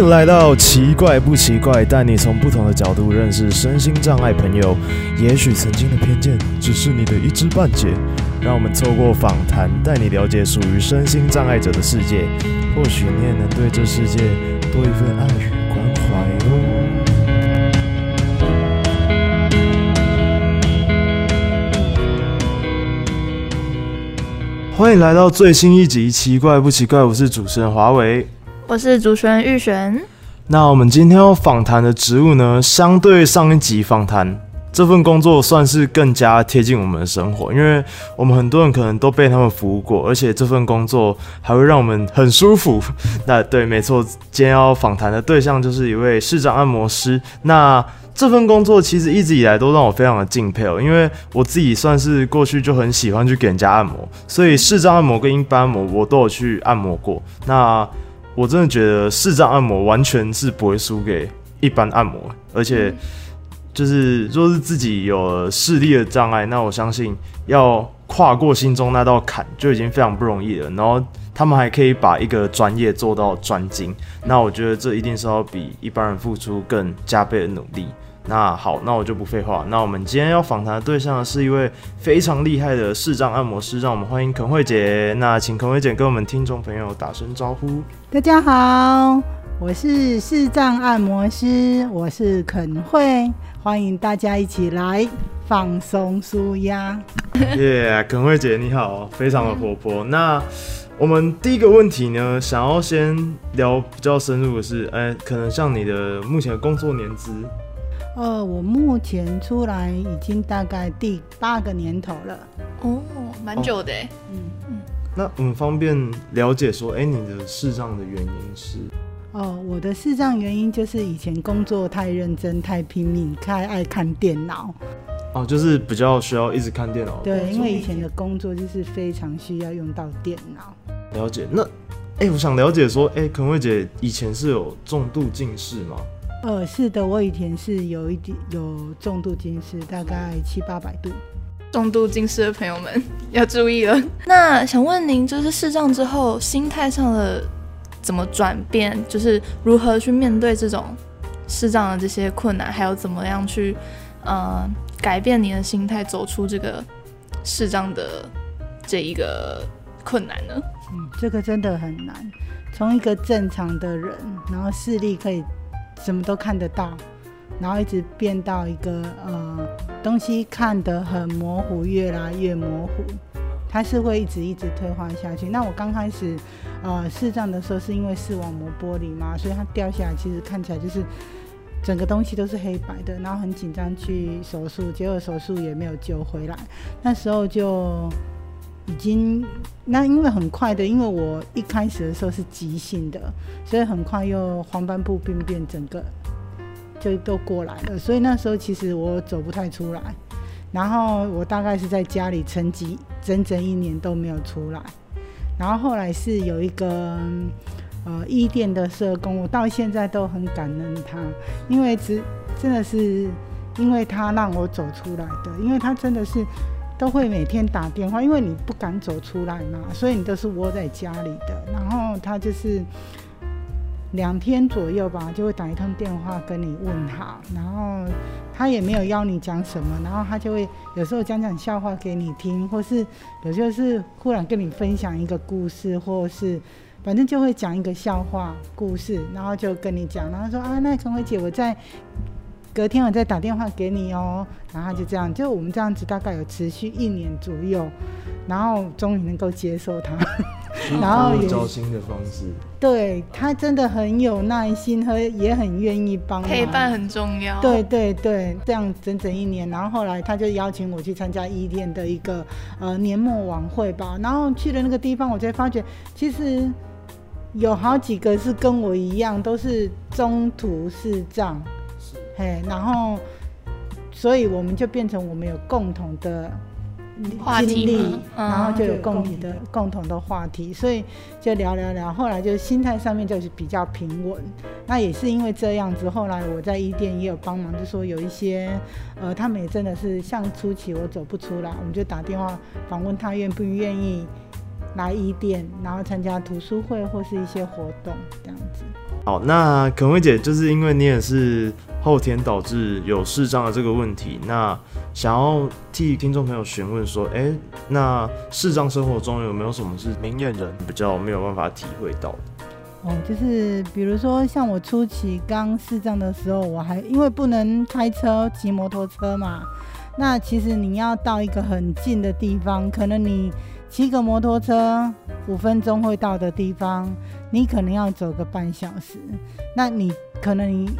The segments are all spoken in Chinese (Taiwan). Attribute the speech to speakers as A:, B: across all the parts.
A: 歡迎來到奇怪不奇怪，帶你從不同的角度認識身心障礙朋友。也許曾經的偏見只是你的一知半解。讓我們透過訪談，帶你了解屬於身心障礙者的世界。或許你也能對這世界多一份愛與關懷。歡迎來到最新一集《奇怪不奇怪》，我是主持人驊瑋。
B: 我是主持人昱璇。
A: 那我們今天要訪談的職務呢，相對上一集訪談這份工作算是更加貼近我們的生活，因為我們很多人可能都被他們服務過，而且這份工作還會讓我們很舒服。 那對，沒錯，今天要訪談的對象就是一位視障按摩師。那這份工作其實一直以來都讓我非常的敬佩哦，因為我自己算是過去就很喜歡去給人家按摩，所以視障按摩跟一般按摩我都有去按摩過。那我真的覺得視障按摩完全是不會輸給一般按摩，而且就是若是自己有了視力的障礙，那我相信要跨過心中那道坎就已經非常不容易了。然後他們還可以把一個專業做到專精，那我覺得這一定是要比一般人付出更加倍的努力。那好，那我就不廢話。那我們今天要訪談的對象是一位非常厲害的視障按摩師，讓我們歡迎肯惠姐。那請肯惠姐跟我們聽眾朋友打聲招呼。
C: 大家好，我是視障按摩師，我是肯惠，歡迎大家一起來放鬆舒壓。
A: 耶、yeah,，肯惠姐你好，非常的活潑。 那我們第一個問題呢，想要先聊比較深入的是，哎、欸，可能像你的目前的工作年資。
C: 呃，我目前出來已經大概第八個年頭了，哦，蠻、哦、久的，嗯、哦、我
A: 那很方便了解說，哎、欸，你的視障的原因是？
C: 哦，我的視障原因就是以前工作太認真、太拼命、太愛看電腦。
A: 哦，就是比較需要一直看電腦。對，因
C: 為以前的工作就是非常需要用到電腦。
A: 了解，那，哎、欸，我想了解說，哎、欸，肯惠姐以前是有重度近視嗎？
C: 呃、哦，是的，我以前是有一點有重度近視，大概七八百度。
B: 重度近視的朋友們要注意了。那想問您，就是視障之後心態上的怎麼轉變，就是如何去面對這種視障的這些困難，還有怎麼樣去呃改變你的心態，走出這個視障的這一個困難呢？嗯，
C: 這個真的很難。從一個正常的人，然後視力可以。什麼都看得到，然後一直變到一個呃，東西看得很模糊，越來越模糊，它是會一直一直退化下去。那我剛開始呃視障的時候，是因為視網膜剝離嘛，所以它掉下來，其實看起來就是整個東西都是黑白的，然後很緊張去手術，結果手術也沒有救回來，那時候就。已經，那因為很快的，因為我一開始的時候是急性的，所以很快又黃斑部病變，整個就都過來了。所以那時候其實我走不太出來，然後我大概是在家裡沉寂整整一年都沒有出來。然後後來是有一個呃伊甸的社工，我到現在都很感恩他，因為只真的是因為他讓我走出來的，因為他真的是。都會每天打電話，因為你不敢走出來嘛，所以你都是窩在家裡的。然後他就是兩天左右吧，就會打一通電話跟你問好。然後他也沒有要你講什麼，然後他就會有時候講講笑話給你聽，或是有時候是忽然跟你分享一個故事，或是反正就會講一個笑話故事，然後就跟你講。然後說啊，那肯惠姐，我在。隔天我再打電話給你哦、喔，然後就這樣，就我們這樣子大概有持續一年左右，然後終於能夠接受他、嗯， 然後有
A: 新的方式，
C: 對他真的很有耐心和也很願意幫我，陪伴很
B: 重要，對
C: 對對，這樣整整一年，然後後來他就邀請我去參加伊甸的一個呃年末晚會吧，然後去了那個地方，我才發覺其實有好幾個是跟我一樣都是中途失障。對，然後，所以我們就變成我們有共同的經歷話題、啊、然後就有共同的共，共同的話題，所以就聊聊聊。後來就心態上面就是比較平穩，那也是因為這樣子。後來我在伊甸也有幫忙，就說有一些，呃，他們也真的是像初期我走不出來，我們就打電話訪問他願不願意。來一點，然後參加圖書會或是一些活動，這樣子。
A: 好，那肯惠姐，就是因為你也是後天導致有視障的這個問題，那想要替聽眾朋友詢問說，誒、欸，那視障生活中有沒有什麼是明眼人比較沒有辦法體會到
C: 哦？嗯，就是比如說，像我初期剛視障的時候，我還因為不能開車、騎摩托車嘛，那其實你要到一個很近的地方，可能你。騎個摩托車五分鐘會到的地方，你可能要走個半小時。那你可能你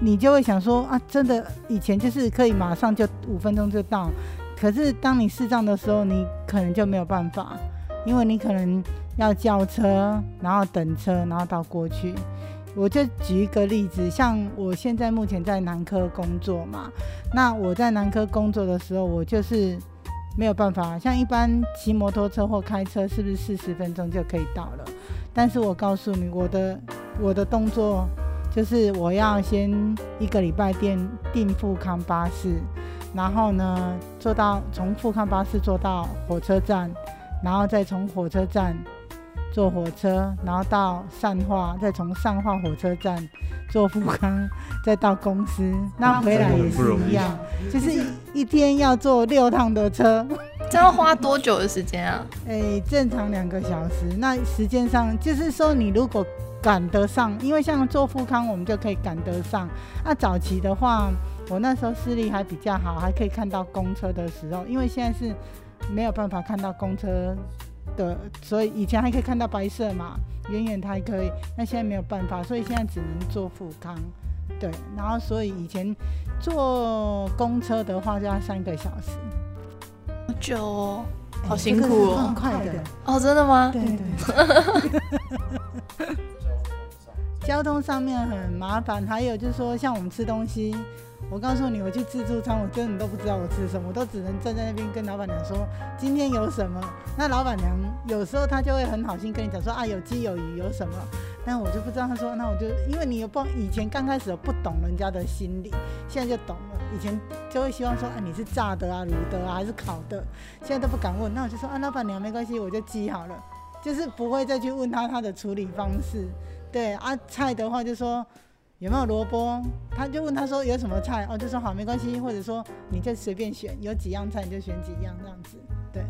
C: 你就會想說啊，真的以前就是可以馬上就五分鐘就到，可是當你視障的時候，你可能就沒有辦法，因為你可能要叫車，然後等車，然後到過去。我就舉一個例子，像我現在目前在南科工作嘛，那我在南科工作的時候，我就是。沒有辦法，像一般騎摩托車或開車，是不是四十分鐘就可以到了？但是我告訴你，我的我的動作就是我要先一個禮拜定訂復康巴士，然後呢，坐到從復康巴士坐到火車站，然後再從火車站。坐火車，然後到善化，再從善化火車站坐富康，再到公司。那回來也是一樣，嗯啊、就是一,一天要坐六趟的車。 這要花多久的時間啊？哎、欸，正常兩個小時。那時間上，就是說你如果趕得上，因為像坐富康，我們就可以趕得上。那、啊、早期的話，我那時候視力還比較好，還可以看到公車的時候，因為現在是沒有辦法看到公車。對，所以以前還可以看到白色嘛，遠遠它還可以，那現在沒有辦法，所以現在只能坐富康，對，然後所以以前坐公車的話就要三個小時，
B: 好久哦，欸、好辛苦哦，這個、很快的
C: 哦，真的嗎？對對，對， 交通上面很麻煩，還有就是說像我們吃東西。我告訴你，我去自助餐，我根本都不知道我吃什麼，我都只能站在那邊跟老闆娘說，今天有什麼。那老闆娘有時候她就會很好心跟你講說啊有雞有魚有什麼，那我就不知道她說，那我就因為你有不以前剛開始不懂人家的心理，現在就懂了。以前就會希望說啊你是炸的啊滷的啊還是烤的，現在都不敢問。那我就說啊老闆娘沒關係，我就雞好了，就是不會再去問他他的處理方式。對啊菜的話就說。有沒有蘿蔔？他就問他說有什麼菜？哦，就說好沒關係，或者說你就隨便選，有幾樣菜你就選幾樣這樣子，對，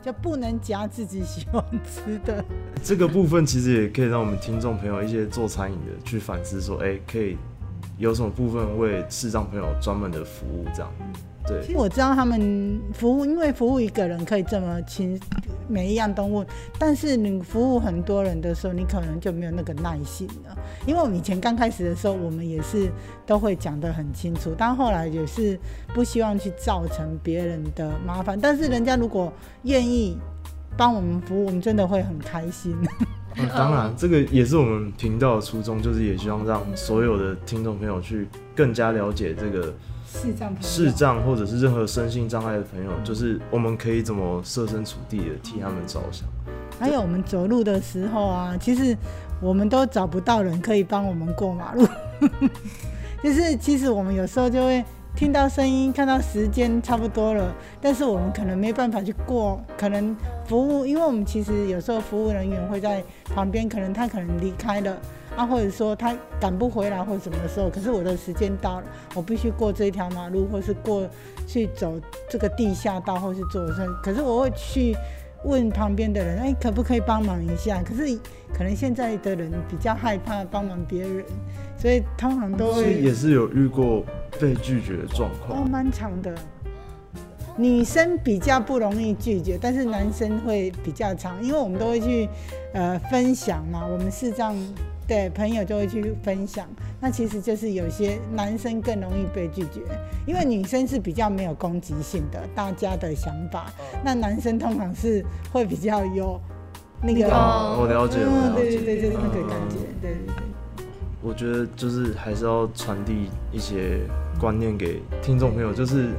C: 就不能夾自己喜歡吃的。
A: 這個部分其實也可以讓我們聽眾朋友一些做餐飲的去反思說，說、欸、哎，可以。有什麼部分為視障朋友專門的服務這樣？對，其實我
C: 知道他們服務，因為服務一個人可以這麼輕，每一樣都問。但是你服務很多人的時候，你可能就沒有那個耐心了。因為我們以前剛開始的時候，我們也是都會講得很清楚，但後來也是不希望去造成別人的麻煩。但是人家如果願意幫我們服務，我們真的會很開心。
A: 嗯、當然，oh. 這個也是我們頻道的初衷，就是也希望讓所有的聽眾朋友去更加了解這個
C: 視障、視
A: 障或者是任何身心障礙的朋友，就是我們可以怎麼設身處地的替他們着想。
C: 還有我們走路的時候啊，其實我們都找不到人可以幫我們過馬路， 就是其實我們有時候就會。聽到聲音，看到時間差不多了，但是我們可能沒辦法去過，可能服務，因為我們其實有時候服務人員會在旁邊，可能他可能離開了啊，或者說他趕不回來或什麼的時候，可是我的時間到了，我必須過這一條馬路，或是過去走這個地下道，或是坐車，可是我會去，問旁邊的人，哎、欸，可不可以幫忙一下？可是可能現在的人比較害怕幫忙別人，所以通常都會，所以也
A: 是有遇過被拒絕的狀
C: 況。哦，蠻常的，女生比較不容易拒絕，但是男生會比較常，因為我們都會去呃分享嘛，我們是這樣，對，朋友就會去分享。那其實就是有些男生更容易被拒絕，因為女生是比較沒有攻擊性的，大家的想法，那男生通常是會比較有那個。哦，我了解，我了解。嗯，對對對，就是那個感覺。嗯、對對對。
A: 我覺得就是還是要傳遞一些觀念給聽眾朋友，就是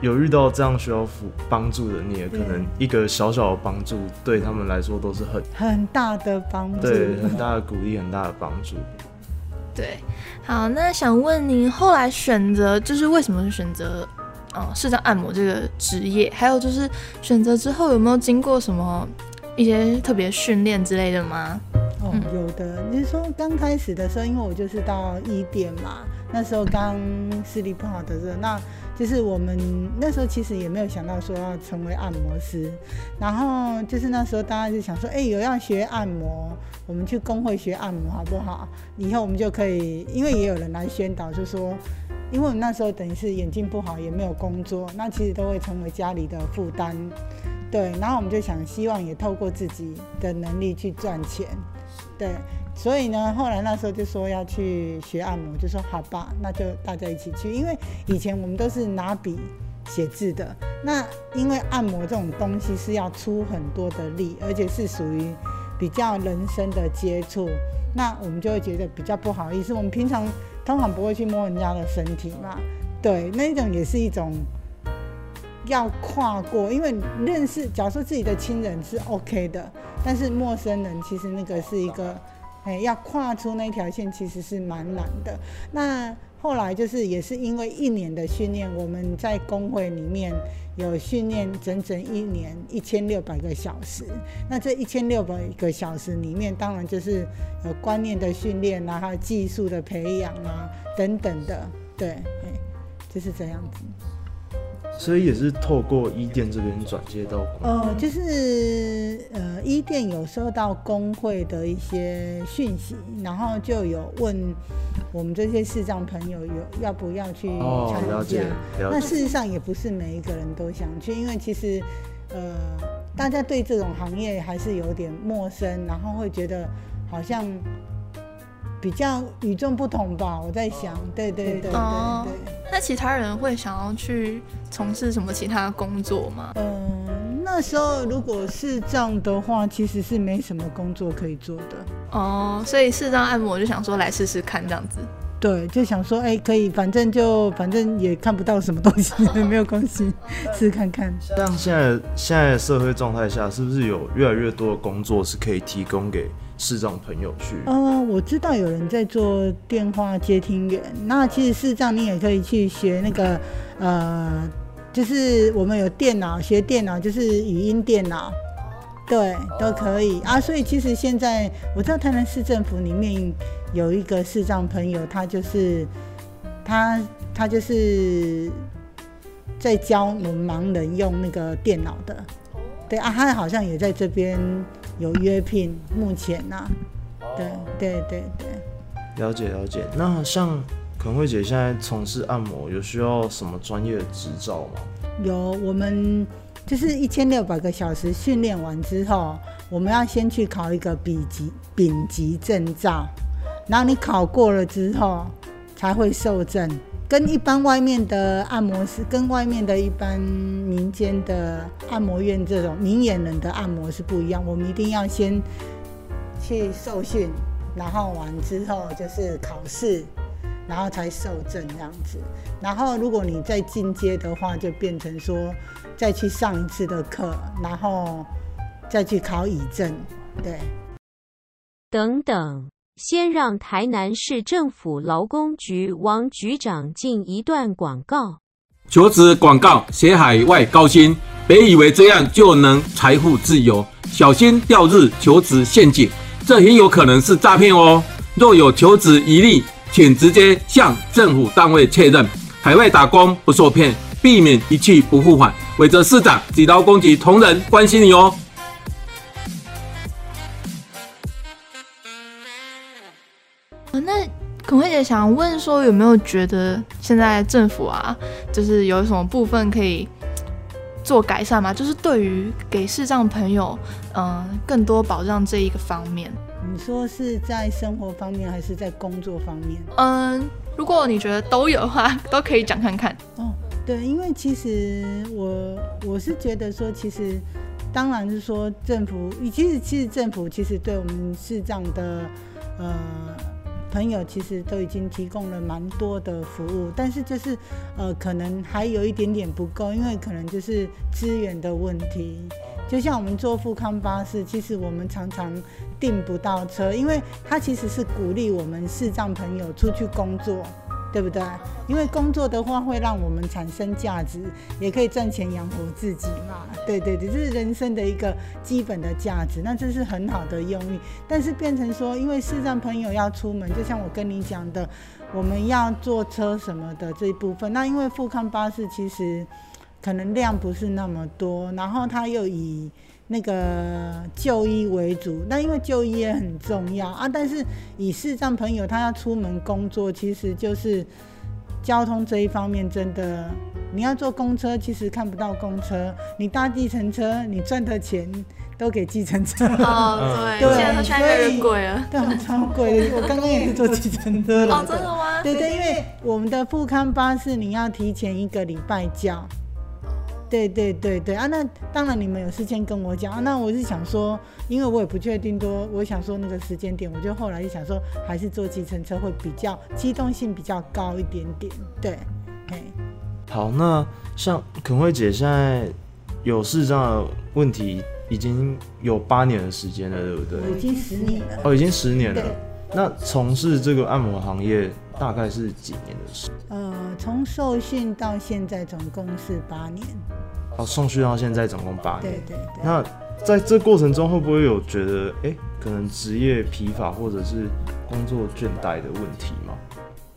A: 有遇到這樣需要輔幫助的，你也可能一個小小的幫助對，對他們來說都是很
B: 很大的幫助，對，很大
A: 的鼓勵，很大的幫助。
B: 對，好，那想問您後來選擇就是為什麼選擇，嗯、呃，視障按摩這個職業？還有就是選擇之後有沒有經過什麼一些特別訓練之類的嗎？嗯、哦，有的。
C: 你是說剛開始的時候，因為我就是到一點嘛，那時候剛視力不好的時候，嗯、那。就是我們那時候其實也沒有想到說要成為按摩師，然後就是那時候大家就想說，哎、欸，有要學按摩，我們去工會學按摩好不好？以後我們就可以，因為也有人來宣導，就是說，因為我們那時候等於是眼睛不好，也沒有工作，那其實都會成為家裡的負擔，對。然後我們就想，希望也透過自己的能力去賺錢，對。所以呢，後來那時候就說要去學按摩，就說好吧，那就大家一起去。因為以前我們都是拿筆寫字的，那因為按摩這種東西是要出很多的力，而且是屬於比較人身的接觸，那我們就會覺得比較不好意思。我們平常通常不會去摸人家的身體嘛，對，那一種也是一種要跨過，因為認識，假如說自己的親人是 OK 的，但是陌生人其實那個是一個。哎，要跨出那條線其實是蠻難的。那後來就是也是因為一年的訓練，我們在工會裡面有訓練整整一年，一千六百個小時。那這一千六百個小時裡面，當然就是有觀念的訓練啊，然後還有技術的培養啊等等的，對，哎，就是這樣子。
A: 所以也是透過伊甸這邊轉接到工
C: 會，呃、就是呃，伊甸有收到工會的一些訊息，然後就有問我們這些視障朋友有要不要去參加、哦，了解了解。那事實上也不是每一個人都想去，因為其實呃，大家對這種行業還是有點陌生，然後會覺得好像。比較與眾不
B: 同吧，我在想，對對對對對、對、哦。那其他人會想要去從事什麼其他工作嗎？
C: 嗯，那時候如果是這樣的話，其實是沒什麼工作可以做的。嗯、
B: 哦，所以視障按摩，我就想說來試試看這樣子。
C: 對，就想說，哎、欸，可以，反正就反正也看不到什麼東西，呵呵，沒有關係，試、哦、試看看。
A: 但現在現在的社會狀態下，是不是有越來越多的工作是可以提供給？視障朋友去，嗯、呃，
C: 我知道有人在做電話接聽員。那其實視障你也可以去學那個，呃，就是我們有電腦，學電腦就是語音電腦，對，都可以啊。所以其實現在我知道台南市政府裡面有一個視障朋友，他就是他他就是在教我們盲人用那個電腦的。對，阿、啊、他好像也在這邊有約聘，目前啊，哦、對對對對，
A: 了解了解。那好像肯惠姐現在從事按摩，有需要什麼專業的執照嗎？
C: 有，我們就是一千六百個小時訓練完之後，我們要先去考一個丙級丙級證照，然後你考過了之後才會受證。跟一般外面的按摩師，跟外面的一般民間的按摩院這種明眼人的按摩是不一樣。我們一定要先去受訓，然後完之後就是考試，然後才受證這樣子。然後如果你再進階的話，就變成說再去上一次的課，然後再去考乙證，
A: 對，等等。先讓台南市政府勞工局王局長進一段廣告：求職廣告，寫海外高薪，別以為這樣就能財富自由，小心掉入求職陷阱，這很有可能是詐騙哦。若有求職疑慮，請直接向政府單位確認，海外打工不受騙，避免一去不復返。偉哲市長及勞工局同仁，關心你哦。
B: 我也想問說，有沒有覺得現在政府啊，就是有什麼部分可以做改善嗎？就是對於給視障朋友，嗯，更多保障這一個方面，
C: 你說是在生活方面，還是在工作方面？
B: 嗯，如果你覺得都有的話，都可以講看看。哦，對，因為其實
C: 我我是覺得說，其實當然是說政府，其實其實政府其實對我們視障的，呃。朋友其實都已經提供了蠻多的服務，但是就是，呃，可能還有一點點不夠，因為可能就是資源的問題。就像我們坐富康巴士，其實我們常常訂不到車，因為它其實是鼓勵我們視障朋友出去工作，對不對？因為工作的話會讓我們產生價值，也可以賺錢養活自己嘛。對對對，這，就是人生的一個基本的價值。那這是很好的用意，但是變成說，因為視障朋友要出門，就像我跟你講的，我們要坐車什麼的這一部分，那因為復康巴士其實可能量不是那麼多，然後他又以，那個就醫為主，那因為就醫也很重要啊。但是，以視障朋友他要出門工作，其實就是交通這一方面真的，你要坐公車，其實看不到公車。你搭計程車，你賺的錢都給計程車。哦，對，對，超貴了，對，超貴，我剛剛也是坐計程車。哦，真的嗎？對對、對，因為我們的復康巴士你要提前一個禮拜叫。對對對對啊！那當然你們有事先跟我講啊！那我是想說，因為我也不確定多，我想說那個時間點，我就後來就想說，還是坐計程車會比較機動性比較高一點點。對，
A: 好，那像肯惠姐現在有事這樣的問題已經有八年的時間了，對不對？已
C: 經十年了。哦，已
A: 經十年了。那從事這個按摩行業大概是幾年的事？
C: 呃，從受訓到現在總共是八年。
A: 好送去。續到現在總共八年。對對，對對。那在這過程中，會不會有覺得，欸、可能職業疲乏，或者是工作倦怠的問題嗎？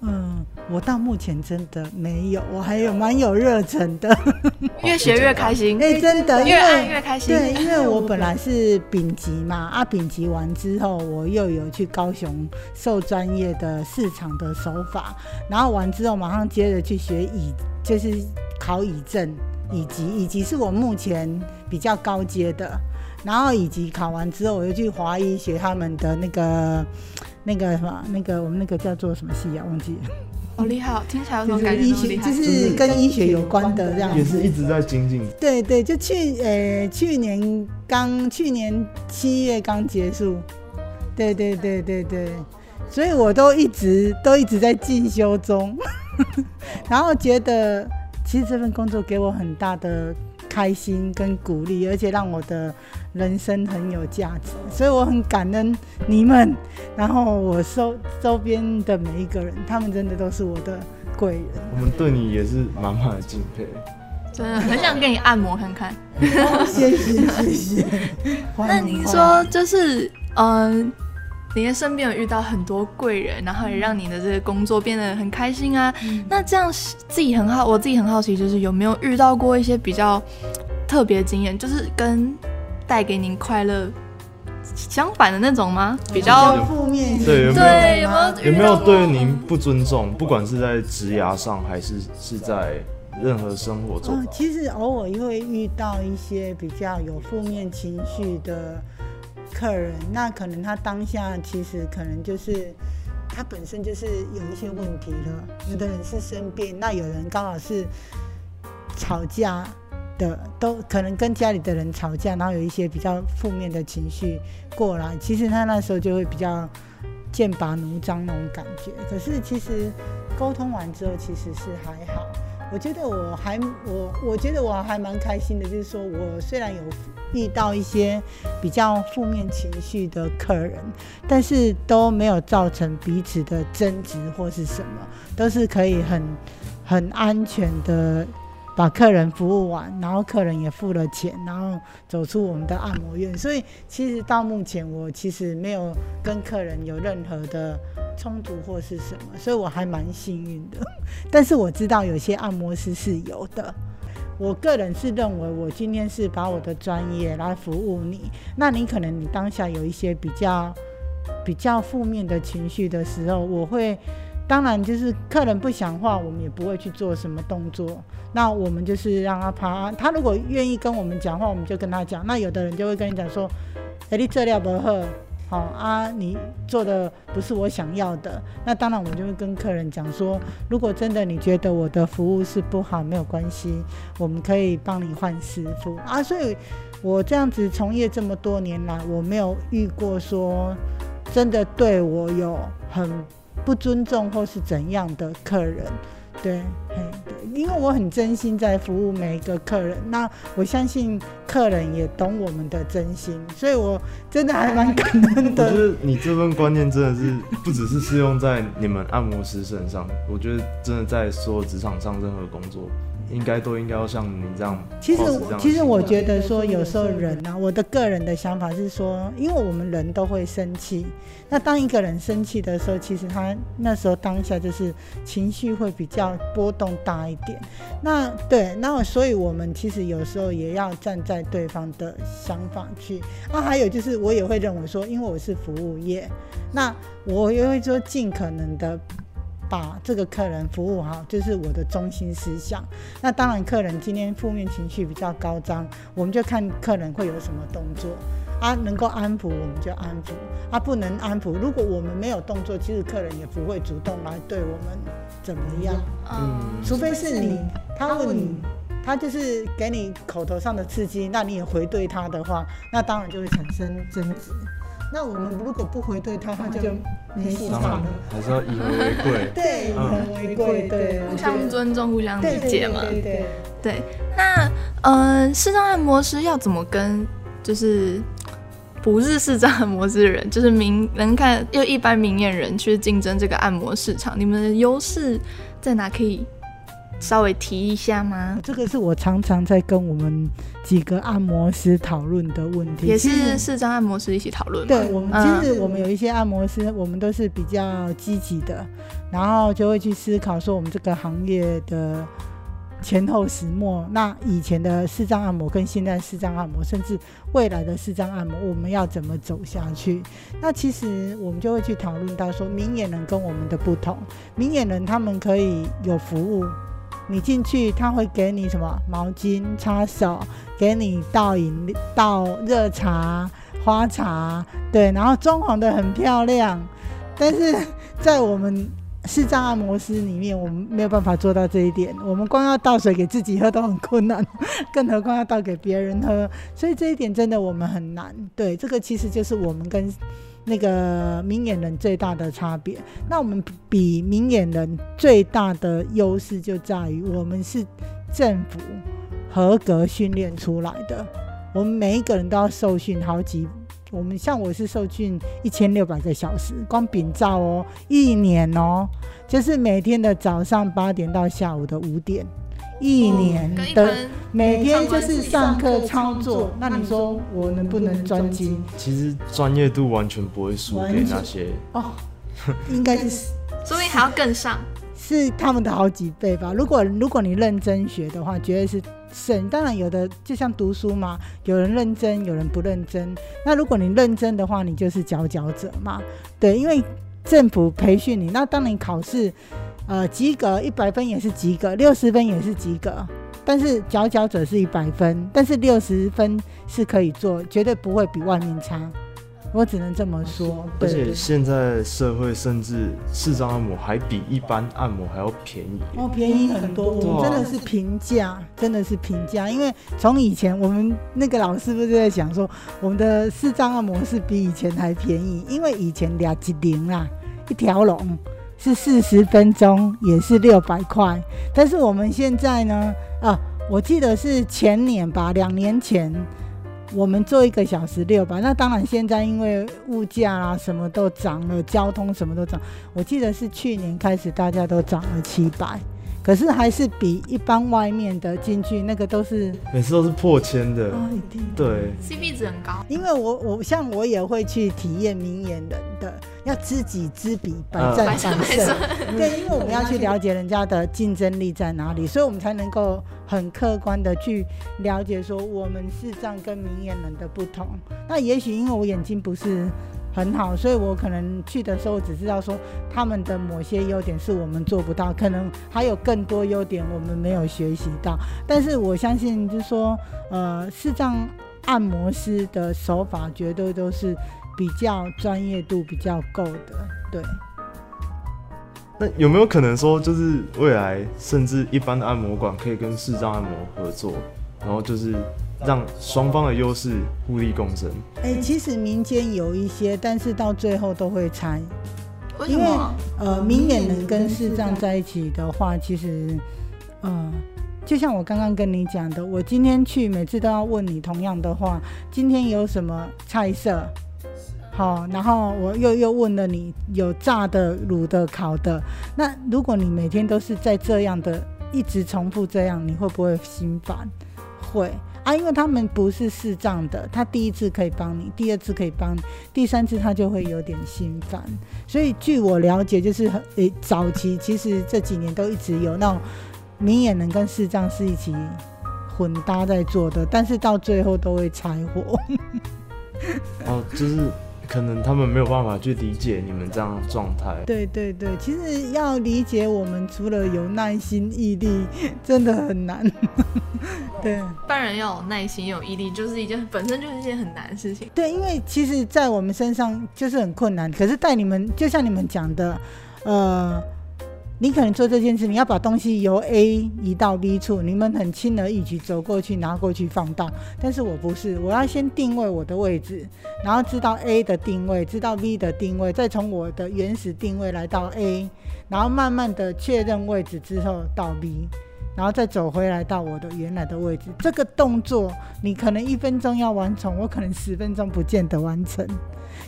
A: 嗯，
C: 我到目前真的沒有，我還有蠻有熱忱的，哦，越學越開心。哎、欸，真的，越按越開心。對，因為我本來是丙級嘛， 啊，丙級完之後，我又有去高雄受專業的市場的手法，然後完之後馬上接着去學乙，就是考乙證。以及以及是我目前比較高階的，然後以及考完之後，我又去華醫學他們的那個那個什麼那個我們那個叫做什麼系啊？忘記了。哦，厲害，聽起
B: 來是醫學，就是跟醫
C: 學有關的這
A: 樣。也是一直在精進。
C: 對，對對，就去、欸、去年剛去年七月剛結束。對對對對對，所以我都一直都一直在進修中， 然後覺得。其實這份工作給我很大的開心跟鼓勵，而且讓我的人生很有價值，所以我很感恩你們。然後我周周邊的每一個人，他們真的都是我的貴人。
A: 我們對你也是滿滿的敬佩，真的
C: 很
B: 想給你按摩看看。謝 謝、哦、謝謝。謝謝。歡迎歡迎。那您說就是嗯。呃您的身邊有遇到很多貴人，然後也讓你的這個工作變得很開心啊。嗯、那這樣自己很好，我自己很好奇，就是有沒有遇到過一些比較特別經驗，就是跟帶給您快樂相反的那種嗎？比較負面、
A: 哦，對，有沒有？有沒有，有沒有對您不尊重？不管是在職涯上，還是是在任何生活中、嗯，
B: 其
C: 實偶爾也會遇到一些比較有負面情緒的。客人，那可能他當下其實可能就是他本身就是有一些問題了，有的人是生病，那有人剛好是吵架的，都可能跟家裡的人吵架，然後有一些比較負面的情緒過來，其實他那時候就會比較劍拔弩張那種感覺。可是其實溝通完之後，其實是還好。我覺得我還我我覺得我還蠻開心的，就是說我雖然有遇到一些比較負面情緒的客人，但是都沒有造成彼此的爭執或是什麼，都是可以很很安全的。把客人服務完，然後客人也付了錢，然後走出我們的按摩院。所以，其實到目前，我其實沒有跟客人有任何的衝突或是什麼，所以我還蠻幸運的。但是我知道有些按摩師是有的。我個人是認為，我今天是把我的專業來服務你。那你可能你當下有一些比較比較負面的情緒的時候，我會。當然，就是客人不想話，我們也不會去做什麼動作。那我們就是讓他趴。他如果願意跟我們講話，我們就跟他講。那有的人就會跟你講說：“誒、哎、你這料不喝，好、哦、啊，你做的不是我想要的。”那當然，我就會跟客人講說：“如果真的你覺得我的服務是不好，沒有關係，我們可以幫你換師傅啊。”所以，我這樣子從業這麼多年來，我沒有遇過說真的對我有很。不尊重或是怎樣的客人，對，對，因為我很真心在服務每一個客人，那我相信客人也懂我們的真心，所以我真的還蠻感恩的。我
A: 覺得你這份觀念真的是不只是適用在你們按摩師身上，我覺得真的在所有職場上任何工作，應該都應該要像你這樣，其實其實我覺
C: 得說有時候人啊，我的個人的想法是說，因為我們人都會生氣，那當一個人生氣的時候，其實他那時候當下就是情緒會比較波動大一點。那對，那所以我們其實有時候也要站在對方的想法去啊。還有就是我也會認為說，因為我是服務業，那我也會說盡可能的。啊，這個客人服務好，就是我的中心思想。那當然，客人今天負面情緒比較高漲，我們就看客人會有什麼動作。啊，能夠安撫我們就安撫，啊，不能安撫，如果我們沒有動作，其實客人也不會主動來對我們怎麼樣。啊、嗯，除非是你,非是，他問你他問你，他就是給你口頭上的刺激，那你也回懟他的話，那當然就會產生爭執。 真那我們如果不回對他話，就很複雜
A: 了。還是要以和為貴、 嗯，對，以和為
B: 貴，對，對，對，對，對。互相尊重，互相理解嘛，對對，對，對，對，對。那嗯，視、呃、障按摩師要怎麼跟就是不是視障按摩師的人，就是明能看又一般明眼人去競爭這個按摩市場，你們的優勢在哪？可以？稍微提一下嗎？這個是我常
C: 常在跟我們幾個按摩師討論的問題，也是
B: 視障按摩師一起討論嗎？對，我們其實我
C: 們有一些按摩師，我們都是比較積極的，然後就會去思考說我們這個行業的前後始末。那以前的視障按摩跟現在視障按摩，甚至未來的視障按摩，我們要怎麼走下去？那其實我們就會去討論到說，明眼人跟我們的不同，明眼人他們可以有服務。你進去，他會給你什麼毛巾擦手，給你倒飲倒熱茶、花茶，對，然後裝潢的很漂亮，但是在我們。視障按摩師裡面我們沒有辦法做到這一點。我們光要倒水給自己喝都很困難，更何況要倒給別人喝。所以這一點真的我們很難。對，這個其實就是我們跟那個明眼人最大的差別。那我們比明眼人最大的優勢就在於，我們是政府合格訓練出來的。我們每一個人都要受訓好幾。我們像我是受訓一千六百個小時，光屏照哦、喔，一年哦、喔，就是每天的早上八點到下午的五點，一年的每天就是上課操作。那你說我能不能專精？
A: 其實專業度完全不會輸給那些
C: 哦，應該是，說明還要更上，是他們的好幾倍吧。如果如果你認真學的話，絕對是。省當然有的，就像讀書嘛，有人認真，有人不認真。那如果你認真的話，你就是佼佼者嘛。對，因為政府培訓你，那當你考試，呃，及格一百分也是及格，六十分也是及格。但是佼佼者是一百分，但是六十分是可以做，絕對不會比外面差。我只能這麼說。而且
A: 現在社會甚至視障按摩還比一般按摩還要便宜。
C: 哦，便宜很多，真的是平價，真的是平價、啊。因為從以前我們那個老師不是在講說，我們的視障按摩是比以前還便宜，因為以前兩幾零啦，一條龍是四十分鐘也是六百塊。但是我們現在呢，啊，我記得是前年吧，兩年前。我們做一個小時六百，那當然現在因為物價啊，什麼都漲了，交通什麼都漲。我記得是去年開始大家都漲了七百。可是還是比一般外面的進去那個都是，
A: 每次都是破千的。對
C: ，C
B: P 值很高。
C: 因為我我像我也會去體驗明眼人的，要知己知彼，百
A: 戰
B: 百勝，對，
C: 因為我們要去了解人家的競爭力在哪裡，所以我們才能夠很客觀的去了解說我們市場跟明眼人的不同。那也許因為我眼睛不是。很好，所以我可能去的時候只知道說他們的某些優點是我們做不到，可能還有更多優點我們沒有學習到。但是我相信，就是說，呃，視障按摩師的手法絕對都是比較專業度比較夠的。對。
A: 那有沒有可能說，就是未來甚至一般的按摩館可以跟視障按摩合作，然後就是。讓雙方的優勢互利共生。
C: 哎、欸，其實民間有一些，但是到最後都會拆，因為,為呃，明眼人跟視障在一起的話，其實嗯、呃，就像我剛剛跟你講的，我今天去每次都要問你同樣的話，今天有什麼菜色？好，然後我又又問了你有炸的、滷的、烤的。那如果你每天都是在這樣的，一直重複這樣，你會不會心煩？會。啊，因為他們不是視障的，他第一次可以幫你，第二次可以幫你，第三次他就會有點心煩。所以據我了解，就是誒、欸，早期其實這幾年都一直有那種明眼人跟視障是一起混搭在做的，但是到最後都會拆夥。
A: 哦、 啊，就是。可能他們沒有辦法去理解你們這樣的狀態。
C: 對對對，其實要理解我們，除了有耐心、毅力，真的很難。 對，
B: 一般人要有耐心、有毅力，就是一件本身就是一件很難的事情。
C: 對，因為其實，在我們身上就是很困難。可是帶你們，就像你們講的，呃。你可能做這件事，你要把東西由 A 移到 B 處，你們很輕而易舉走過去拿過去放大。但是我不是，我要先定位我的位置，然後知道 A 的定位，知道 B 的定位，再從我的原始定位來到 A，然後慢慢的確認位置之後到 B。然後再走回來到我的原來的位置，這個動作你可能一分鐘要完成，我可能十分鐘不見得完成。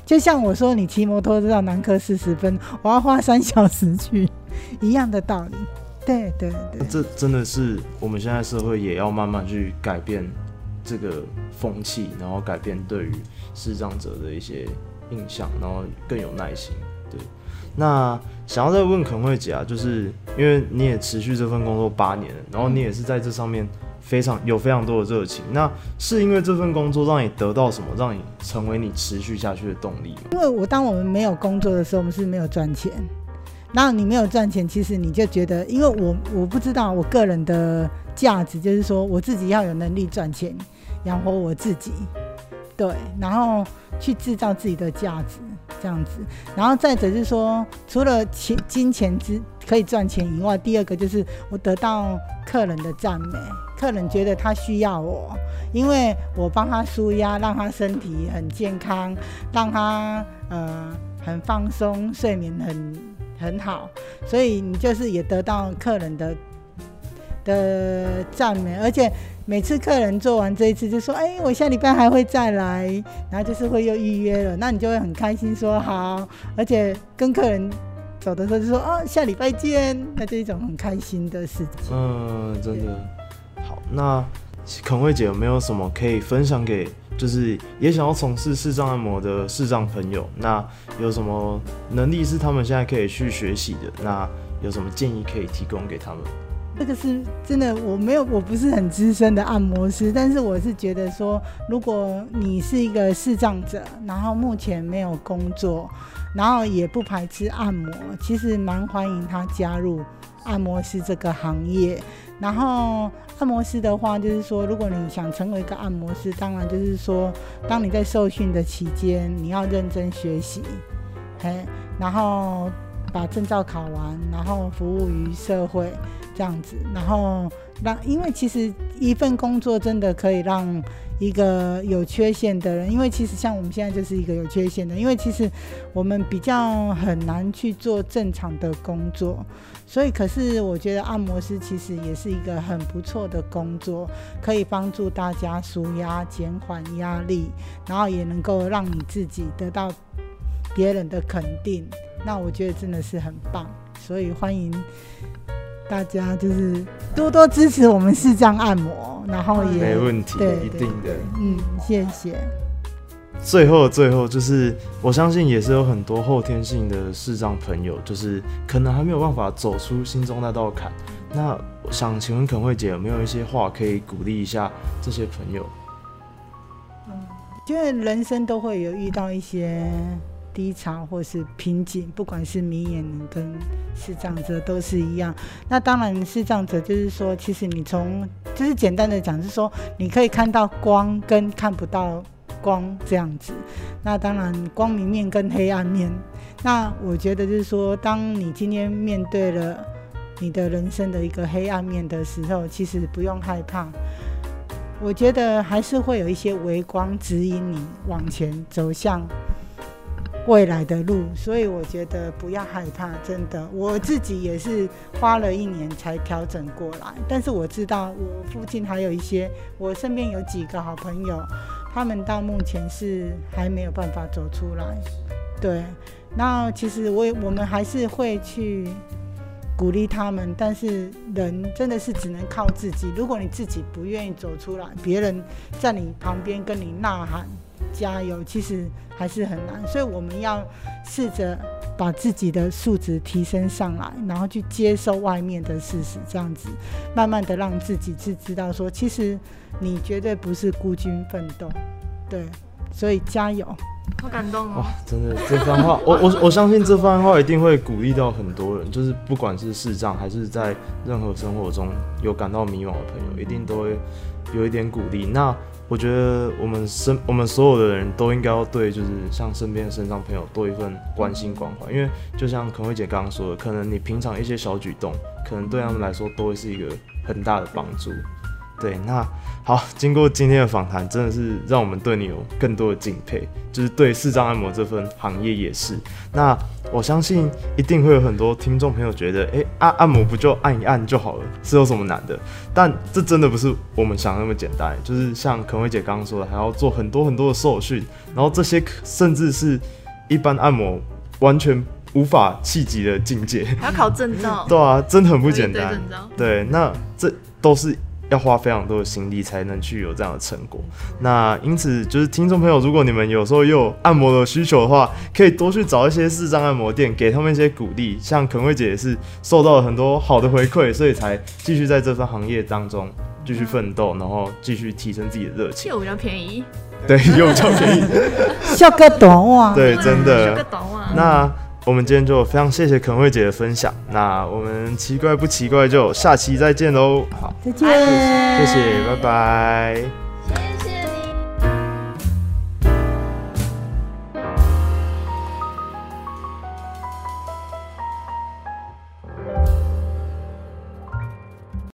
C: 就像我說，你騎摩托車到南科四十分，我要花三小時去，一樣的道理。對對
A: 對，這真的是我們現在社會也要慢慢去改變這個風氣，然後改變對於視障者的一些印象，然後更有耐心。對，那。想要再問肯惠姐啊，就是因為你也持續這份工作八年，然後你也是在這上面非常有非常多的熱情。那是因為這份工作讓你得到什麼，讓你成為你持續下去的動力？
C: 因為我當我們沒有工作的時候，我們是沒有賺錢。那你沒有賺錢，其實你就覺得，因為我我不知道我個人的價值，就是說我自己要有能力賺錢養活我自己，對，然後去製造自己的價值。這樣子，然後再者是說，除了錢、金錢之可以賺錢以外，第二個就是我得到客人的讚美，客人覺得他需要我，因為我幫他紓壓，讓他身體很健康，讓他呃很放鬆，睡眠很很好，所以你就是也得到客人的的讚美，而且。每次客人做完這一次，就說：“哎，我下禮拜還會再來。”然後就是會又預約了，那你就會很開心，說好。而且跟客人走的時候就說：“哦，下禮拜見。”那這一種很開心的事
A: 情。嗯，真的。好，那肯惠姐有沒有什麼可以分享給，就是也想要從事視障按摩的視障朋友？那有什麼能力是他們現在可以去學習的？那有什麼建議可以提供給他們？
C: 這個是真的，我沒有，我不是很資深的按摩師，但是我是覺得說，如果你是一個視障者，然後目前沒有工作，然後也不排斥按摩，其實蠻歡迎他加入按摩師這個行業。然後按摩師的話，就是說，如果你想成為一個按摩師，當然就是說，當你在受訓的期間，你要認真學習，嘿，然後。把證照考完，然後服務於社會這樣子，然後讓因為其實一份工作真的可以讓一個有缺陷的人，因為其實像我們現在就是一個有缺陷的人，因為其實我們比較很難去做正常的工作，所以可是我覺得按摩師其實也是一個很不錯的工作，可以幫助大家紓壓、減緩壓力，然後也能夠讓你自己得到。別人的肯定，那我覺得真的是很棒，所以歡迎大家就是多多支持我們視障按摩，然後也沒問題，對對對對，一定的，嗯，謝謝。
A: 最後，最後就是我相信也是有很多後天性的視障朋友，就是可能還沒有辦法走出心中那道坎。那我想請問肯惠姐有沒有一些話可以鼓勵一下這些朋友？嗯，
C: 就因為人生都會有遇到一些。低潮，或是瓶頸，不管是明眼人跟視障者都是一樣。那當然，視障者就是說，其實你從就是簡單的講，就是說你可以看到光跟看不到光這樣子。那當然，光明面跟黑暗面。那我覺得就是說，當你今天面對了你的人生的一個黑暗面的時候，其實不用害怕。我覺得還是會有一些微光指引你往前走向未來的路，所以我覺得不要害怕，真的。我自己也是花了一年才調整過來，但是我知道我附近還有一些，我身邊有幾個好朋友，他們到目前是還沒有辦法走出來。對，那其實我也我們還是會去。鼓勵他們，但是人真的是只能靠自己。如果你自己不願意走出來，別人在你旁邊跟你吶喊加油，其實還是很難。所以我們要試着把自己的素質提升上來，然後去接受外面的事實，這樣子慢慢的讓自己去知道說，其實你絕對不是孤軍奮鬥。對，所以加油。
A: 好感動哦，哦！哇，真的，這番話， 我我我相信這番話一定會鼓勵到很多人，就是不管是視障還是在任何生活中有感到迷茫的朋友，一定都會有一點鼓勵。那我覺得我們身我們所有的人都應該要對，就是像身邊視障朋友多一份關心關懷，因為就像肯惠姐剛剛說的，可能你平常一些小舉動，可能對他們來說都會是一個很大的幫助。對，那好，經過今天的訪談，真的是讓我們對你有更多的敬佩，就是對視障按摩這份行業也是。那我相信一定會有很多聽眾朋友覺得，哎，按、啊、按摩不就按一按就好了，是有什麼難的？但這真的不是我們想的那麼簡單，就是像肯惠姐剛剛說的，還要做很多很多的受訓，然後這些甚至是一般按摩完全無法企及的境界，還要
B: 考證照， 對
A: 啊，真的很不簡單。對,對，那這都是。要花非常多的心力才能去有這樣的成果，那因此就是聽眾朋友，如果你們有時候也有按摩的需求的話，可以多去找一些視障按摩店，給他們一些鼓勵。像肯惠姐也是受到了很多好的回饋，所以才繼續在這份行業當中繼續奮鬥，然後繼續提升自己的熱情。
B: 又比較
A: 便宜，對，又比較便宜，笑個短啊，對，真的個 那。我們今天就非常謝謝肯惠姐的分享，那我們奇怪不奇怪就下期再見嘍，好，再見，謝謝，哎、謝謝，拜拜。